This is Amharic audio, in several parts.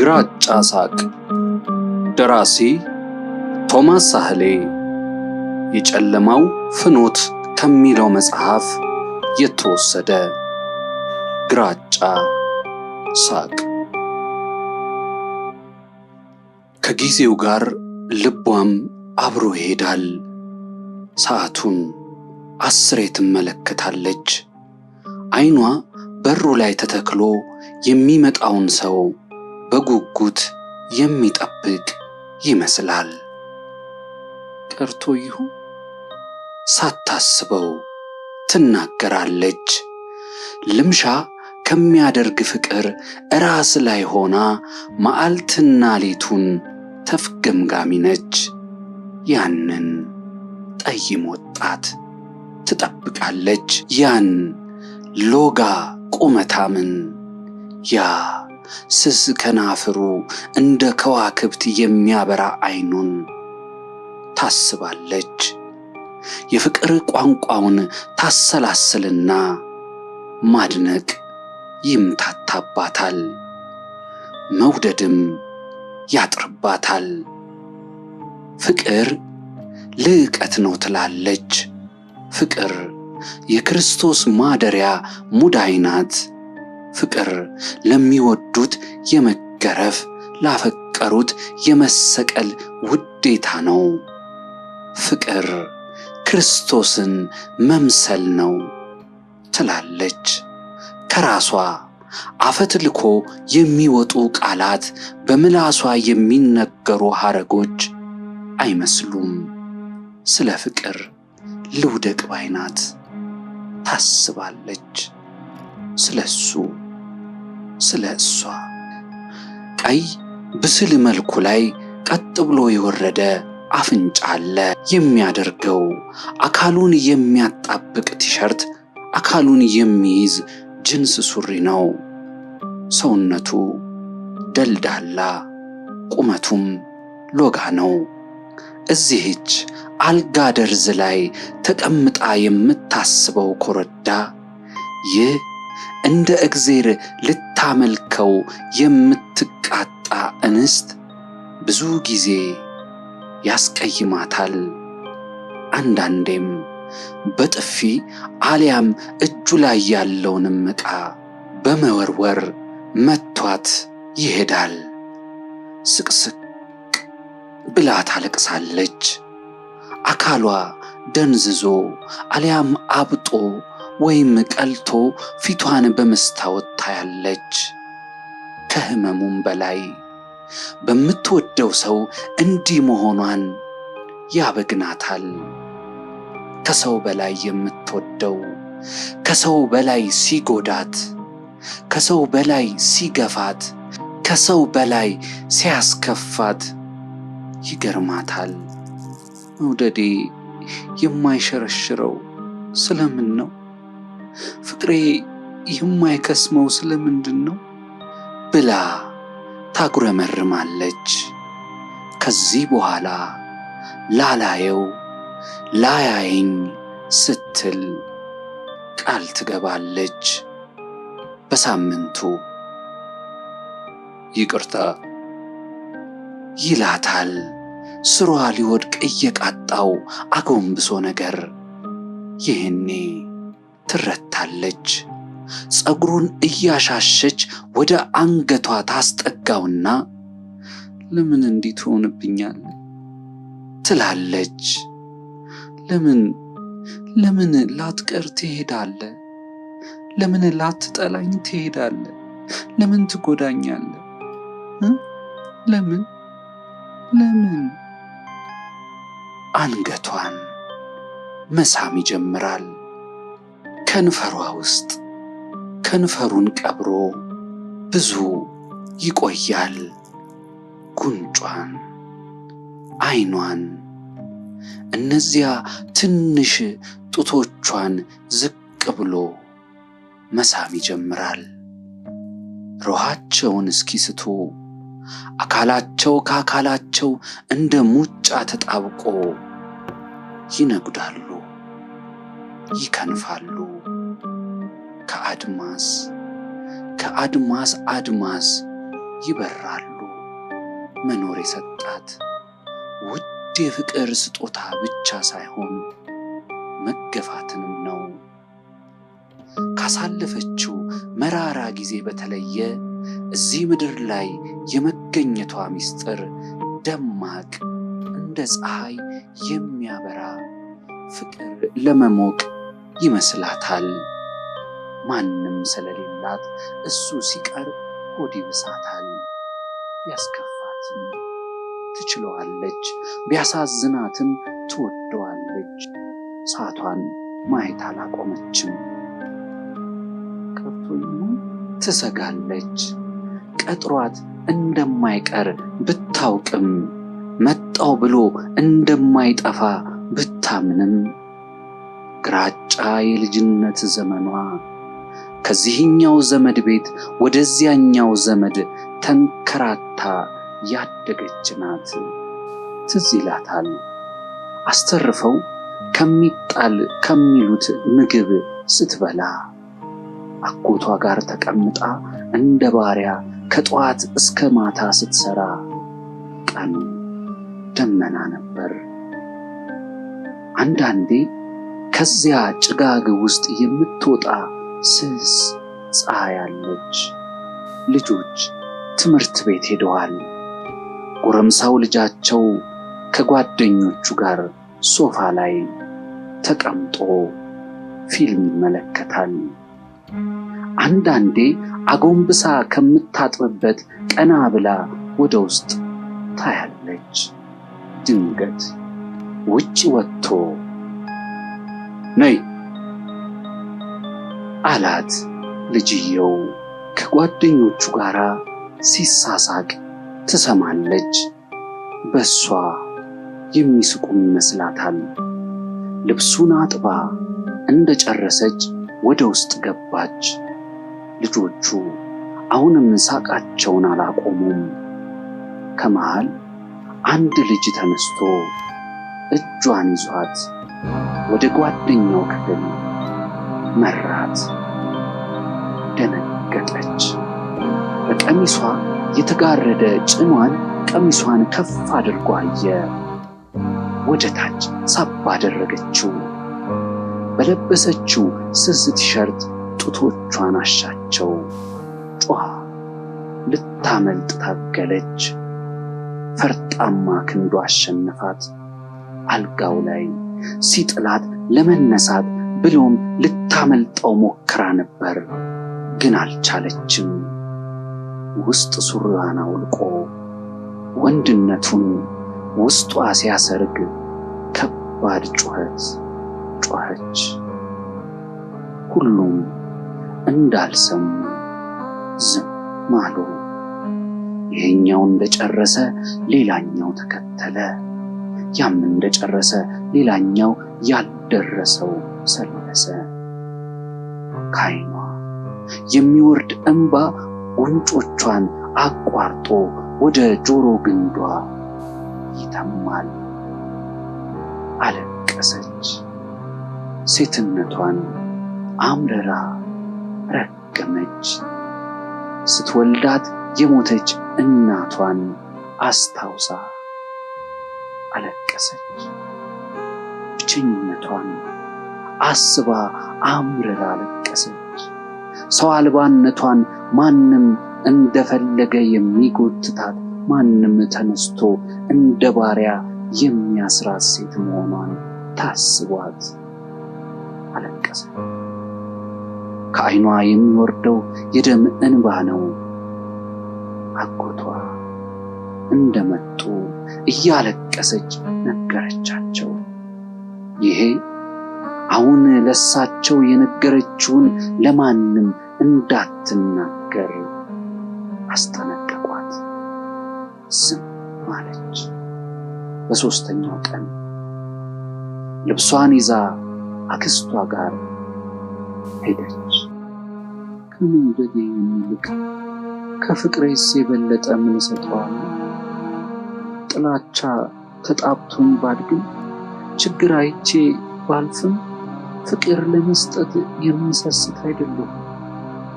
ግራጫ ሳቅ። ደራሲ ቶማስ ሳህሌ። የጨለማው ፍኖት ከሚለው መጽሐፍ የተወሰደ። ግራጫ ሳቅ። ከጊዜው ጋር ልቧም አብሮ ይሄዳል። ሰዓቱን አስሬ ትመለከታለች። አይኗ በሩ ላይ ተተክሎ የሚመጣውን ሰው በጉጉት የሚጠብቅ ይመስላል። ቀርቶ ይሁን ሳታስበው ትናገራለች። ልምሻ ከሚያደርግ ፍቅር እራስ ላይ ሆና መዓልትና ሌቱን ተፍገምጋሚ ነች። ያንን ጠይም ወጣት ትጠብቃለች። ያን ሎጋ ቁመታምን ያ ስስ ከናፍሩ እንደ ከዋክብት የሚያበራ አይኑን ታስባለች። የፍቅር ቋንቋውን ታሰላስልና ማድነቅ ይምታታባታል፣ መውደድም ያጥርባታል። ፍቅር ልዕቀት ነው ትላለች። ፍቅር የክርስቶስ ማደሪያ ሙዳይ ናት። ፍቅር ለሚወዱት የመገረፍ ላፈቀሩት የመሰቀል ውዴታ ነው። ፍቅር ክርስቶስን መምሰል ነው ትላለች ከራሷ አፈትልኮ የሚወጡ ቃላት በምላሷ የሚነገሩ ሐረጎች አይመስሉም። ስለ ፍቅር ልውደቅ ባይናት ታስባለች ስለሱ ስለ እሷ ቀይ ብስል መልኩ ላይ ቀጥ ብሎ የወረደ አፍንጫ አለ። የሚያደርገው አካሉን የሚያጣብቅ ቲሸርት፣ አካሉን የሚይዝ ጅንስ ሱሪ ነው። ሰውነቱ ደልዳላ፣ ቁመቱም ሎጋ ነው። እዚህች አልጋ ደርዝ ላይ ተቀምጣ የምታስበው ኮረዳ ይህ እንደ እግዜር ልታመልከው የምትቃጣ እንስት ብዙ ጊዜ ያስቀይማታል። አንዳንዴም በጥፊ አሊያም እጁ ላይ ያለውንም ዕቃ በመወርወር መቷት ይሄዳል። ስቅስቅ ብላ ታለቅሳለች። አካሏ ደንዝዞ አሊያም አብጦ ወይም ቀልቶ ፊቷን በመስታወት ታያለች። ከህመሙም በላይ በምትወደው ሰው እንዲህ መሆኗን ያበግናታል። ከሰው በላይ የምትወደው ከሰው በላይ ሲጎዳት፣ ከሰው በላይ ሲገፋት፣ ከሰው በላይ ሲያስከፋት ይገርማታል። መውደዴ የማይሸረሽረው ስለምን ነው? ፍቅሬ የማይከስመው ስለምንድን ነው ብላ ታጉረመርማለች። ከዚህ በኋላ ላላየው ላያየኝ ስትል ቃል ትገባለች። በሳምንቱ ይቅርታ ይላታል። ስሯ ሊወድቅ እየቃጣው አጎንብሶ ነገር ይህኔ ትረታለች። ፀጉሩን እያሻሸች ወደ አንገቷ ታስጠጋውና ለምን እንዲህ ትሆንብኛል ትላለች። ለምን ለምን ላትቀር ትሄዳለ? ለምን ላትጠላኝ ትሄዳለ? ለምን ትጎዳኛለ? ለምን ለምን አንገቷን መሳም ይጀምራል። ከንፈሯ ውስጥ ከንፈሩን ቀብሮ ብዙ ይቆያል። ጉንጯን፣ አይኗን እነዚያ ትንሽ ጡቶቿን ዝቅ ብሎ መሳም ይጀምራል። ሮሃቸውን እስኪስቱ አካላቸው ከአካላቸው እንደ ሙጫ ተጣብቆ ይነጉዳሉ፣ ይከንፋሉ። አድማስ ከአድማስ አድማስ ይበራሉ መኖር የሰጣት ውድ የፍቅር ስጦታ ብቻ ሳይሆን መገፋትንም ነው። ካሳለፈችው መራራ ጊዜ በተለየ እዚህ ምድር ላይ የመገኘቷ ምስጢር ደማቅ እንደ ፀሐይ የሚያበራ ፍቅር ለመሞቅ ይመስላታል። ማንም ስለሌላት እሱ ሲቀር ሆድ ይብሳታል፣ ቢያስከፋትም ትችለዋለች፣ ቢያሳዝናትም ትወደዋለች። ሳቷን ማየት አላቆመችም። ቀርቶኝ ትሰጋለች። ቀጥሯት እንደማይቀር ብታውቅም መጣው ብሎ እንደማይጠፋ ብታምንም ግራጫ የልጅነት ዘመኗ ከዚህኛው ዘመድ ቤት ወደዚያኛው ዘመድ ተንከራታ ያደገች ናት። ትዝ ይላታል አስተርፈው ከሚጣል ከሚሉት ምግብ ስትበላ አጎቷ ጋር ተቀምጣ እንደ ባሪያ ከጠዋት እስከ ማታ ስትሰራ ቀኑ ደመና ነበር። አንዳንዴ ከዚያ ጭጋግ ውስጥ የምትወጣ ስስ ፀሐይ አለች። ልጆች ትምህርት ቤት ሄደዋል። ጎረምሳው ልጃቸው ከጓደኞቹ ጋር ሶፋ ላይ ተቀምጦ ፊልም ይመለከታል። አንዳንዴ አጎንብሳ ከምታጥብበት ቀና ብላ ወደ ውስጥ ታያለች። ድንገት ውጭ ወጥቶ ነይ አላት። ልጅየው ከጓደኞቹ ጋር ሲሳሳቅ ትሰማለች። በሷ የሚስቁም ይመስላታል። ልብሱን አጥባ እንደጨረሰች ወደ ውስጥ ገባች። ልጆቹ አሁንም ሳቃቸውን አላቆሙም። ከመሃል አንድ ልጅ ተነስቶ እጇን ይዟት ወደ ጓደኛው ክፍል መራት። ደነገጠች። በቀሚሷ የተጋረደ ጭኗን ቀሚሷን ከፍ አድርጎ አየ። ወደ ታች ሳብ አደረገችው። በለበሰችው ስስ ቲሸርት ጡቶቿን አሻቸው። ጮኻ ልታመልጥ ታገለች። ፈርጣማ ክንዱ አሸነፋት። አልጋው ላይ ሲጥላት ለመነሳት ብሎም ልታመልጠው ሞክራ ነበር፣ ግን አልቻለችም። ውስጥ ሱሪዋን አውልቆ ወንድነቱን ውስጧ ሲያሰርግ ከባድ ጩኸት ጮኸች። ሁሉም እንዳልሰሙ ዝም አሉ። ይሄኛው እንደጨረሰ ሌላኛው ተከተለ። ያም እንደጨረሰ ሌላኛው ያልደረሰው ሰለሰ። ካይኗ የሚወርድ እንባ ጉንጮቿን አቋርጦ ወደ ጆሮ ግንዷ ይተማል። አለቀሰች። ሴትነቷን አምረራ ረገመች። ስትወልዳት የሞተች እናቷን አስታውሳ አለቀሰች። ብቸኝነቷን አስባ አምርራ አለቀሰች። ሰው አልባነቷን ማንም እንደፈለገ የሚጎትታት ማንም ተነስቶ እንደ ባሪያ የሚያስራት ሴት መሆኗን ታስቧት አለቀሰ። ከዓይኗ የሚወርደው የደም እንባ ነው። አጎቷ እንደመጡ እያለቀሰች ነገረቻቸው። ይሄ አሁን ለሳቸው የነገረችውን ለማንም እንዳትናገር አስጠነቀቋት። ዝም አለች። በሦስተኛው ቀን ልብሷን ይዛ አክስቷ ጋር ሄደች። ከመውደዴ የሚልቅ ከፍቅሬስ የበለጠ ምን እሰጠዋለሁ? ጥላቻ ተጣብቶን ባድግም ችግር አይቼ ባልፍም ፍቅር ለመስጠት የምሰስት አይደለሁ።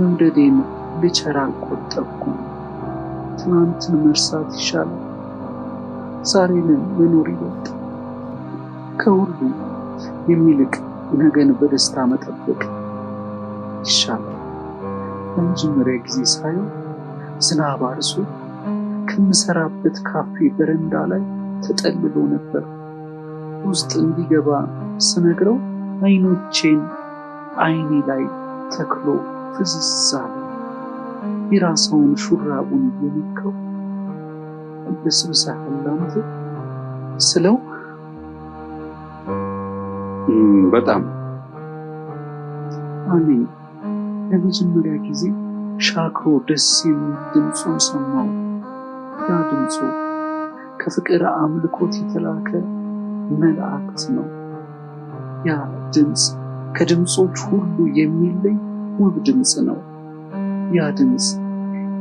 መውደዴን ልቸር አልቆጠብኩም። ትናንትን መርሳት ይሻላል፣ ዛሬን መኖር ይበልጣል። ከሁሉም የሚልቅ ነገን በደስታ መጠበቅ ይሻላል። ለመጀመሪያ ጊዜ ሳየው ዝናብ አርሶ ከምሰራበት ካፌ በረንዳ ላይ ተጠልሎ ነበር። ውስጥ እንዲገባ ስነግረው አይኖቼን አይኔ ላይ ተክሎ ፍዝሳለ የራሰውን ሹራቡን የሚከው ልስብሳህል ስለው በጣም እኔ ለመጀመሪያ ጊዜ ሻክሮ ደስ የሚል ድምፁን ሰማው። ያ ድምፁ ከፍቅር አምልኮት የተላከ መልአክት ነው። ያ ድምፅ ከድምፆች ሁሉ የሚለይ ውብ ድምፅ ነው። ያ ድምፅ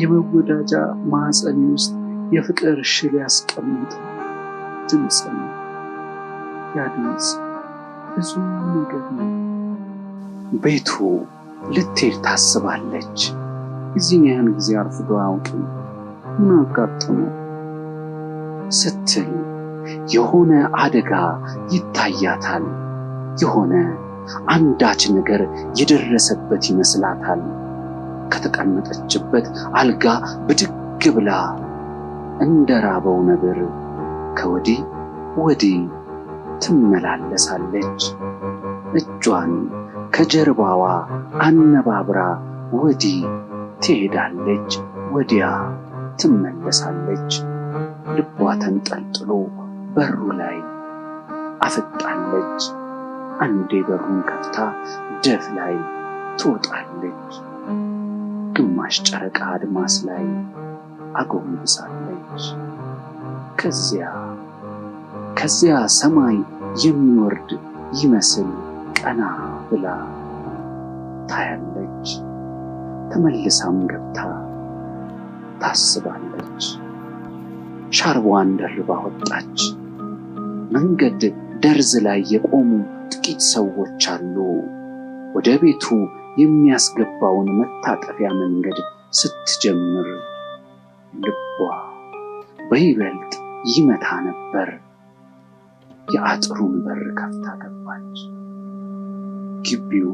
የመወዳጃ ማዕፀኔ ውስጥ የፍቅር ሽል ያስቀምጥ ድምፅ ነው። ያ ድምፅ ብዙ ነገር ነው። ቤቱ ልትሄድ ታስባለች። እዚህን ያህን ጊዜ አርፍዶ አያውቅም። ምን አጋጥሞ ስትል የሆነ አደጋ ይታያታል። የሆነ አንዳች ነገር የደረሰበት ይመስላታል። ከተቀመጠችበት አልጋ ብድግ ብላ እንደ ነብር ከወዲህ ወዲህ ትመላለሳለች። እጇን ከጀርባዋ አነባብራ ወዲህ ትሄዳለች፣ ወዲያ ትመለሳለች። ልቧ ተንጠልጥሎ በሩ ላይ አፈጣለች። አንድ የበሩን ከፍታ ደፍ ላይ ትወጣለች። ግማሽ ጨረቃ አድማስ ላይ አጎንብሳለች። ከዚያ ከዚያ ሰማይ የሚወርድ ይመስል ቀና ብላ ታያለች። ተመልሳም ገብታ ታስባለች። ሻርቧን ደርባ ወጣች። መንገድ ደርዝ ላይ የቆሙ ጥቂት ሰዎች አሉ። ወደ ቤቱ የሚያስገባውን መታጠፊያ መንገድ ስትጀምር ልቧ በይበልጥ ይመታ ነበር። የአጥሩን በር ከፍታ ገባች። ግቢው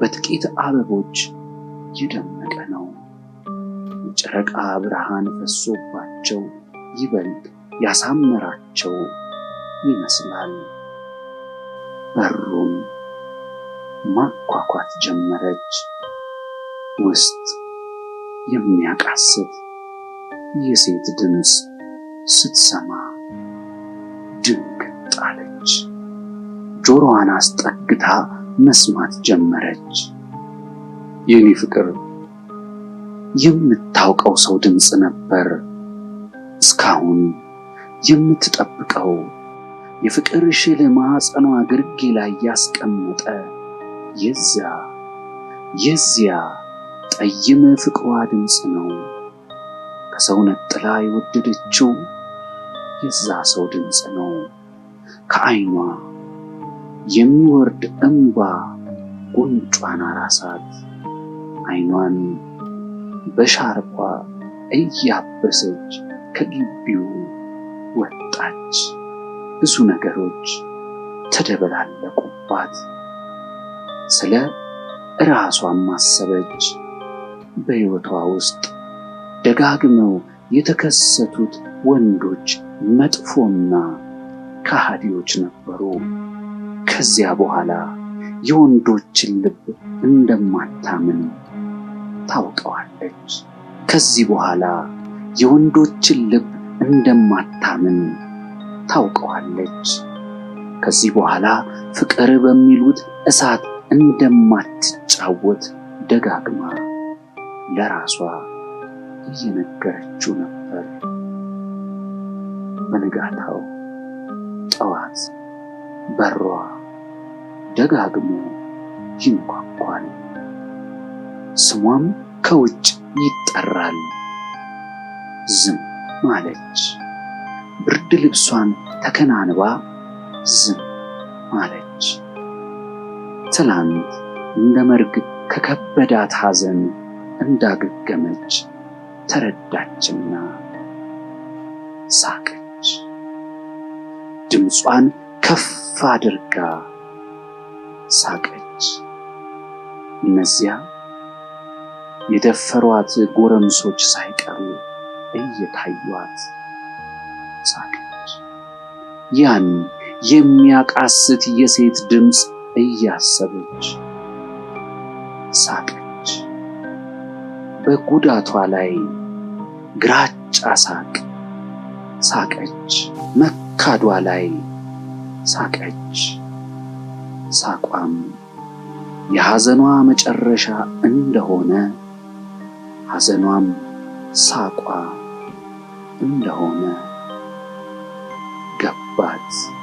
በጥቂት አበቦች የደመቀ ነው። የጨረቃ ብርሃን ፈሶባቸው ይበልጥ ያሳመራቸው ይመስላል። በሩን ማንኳኳት ጀመረች። ውስጥ የሚያቃስት የሴት ድምፅ ስትሰማ ድንግጥ አለች። ጆሮዋን አስጠግታ መስማት ጀመረች። የኔ ፍቅር የምታውቀው ሰው ድምፅ ነበር። እስካሁን የምትጠብቀው የፍቅር ሽል ማኅፀኗ ግርጌ ላይ ያስቀመጠ የዚያ የዚያ ጠይም ፍቅሯ ድምፅ ነው። ከሰውነት ጥላ የወደደችው የዛ ሰው ድምፅ ነው። ከዓይኗ የሚወርድ እንባ ጉንጯን አራሳት። ዓይኗን በሻርኳ እያበሰች ከግቢው ወጣች። ብዙ ነገሮች ተደበላለቁባት። ስለ ራሷን ማሰበች። በሕይወቷ ውስጥ ደጋግመው የተከሰቱት ወንዶች መጥፎና ከሃዲዎች ነበሩ። ከዚያ በኋላ የወንዶችን ልብ እንደማታምን ታውቀዋለች። ከዚህ በኋላ የወንዶችን ልብ እንደማታምን ታውቀዋለች። ከዚህ በኋላ ፍቅር በሚሉት እሳት እንደማትጫወት ደጋግማ ለራሷ እየነገረችው ነበር። በንጋታው ጠዋት በሯ ደጋግሞ ይንኳኳል። ስሟም ከውጭ ይጠራል። ዝም ማለች። ብርድ ልብሷን ተከናንባ ዝም አለች። ትላንት እንደ መርግ ከከበዳት ሐዘን እንዳገገመች ተረዳችና ሳቀች። ድምጿን ከፍ አድርጋ ሳቀች። እነዚያ የደፈሯት ጎረምሶች ሳይቀሩ እየታዩት ሳቀች። ያን የሚያቃስት የሴት ድምፅ እያሰበች ሳቀች። በጉዳቷ ላይ ግራጫ ሳቅ ሳቀች። መካዷ ላይ ሳቀች። ሳቋም የሐዘኗ መጨረሻ እንደሆነ ሐዘኗም ሳቋ እንደሆነ Jones.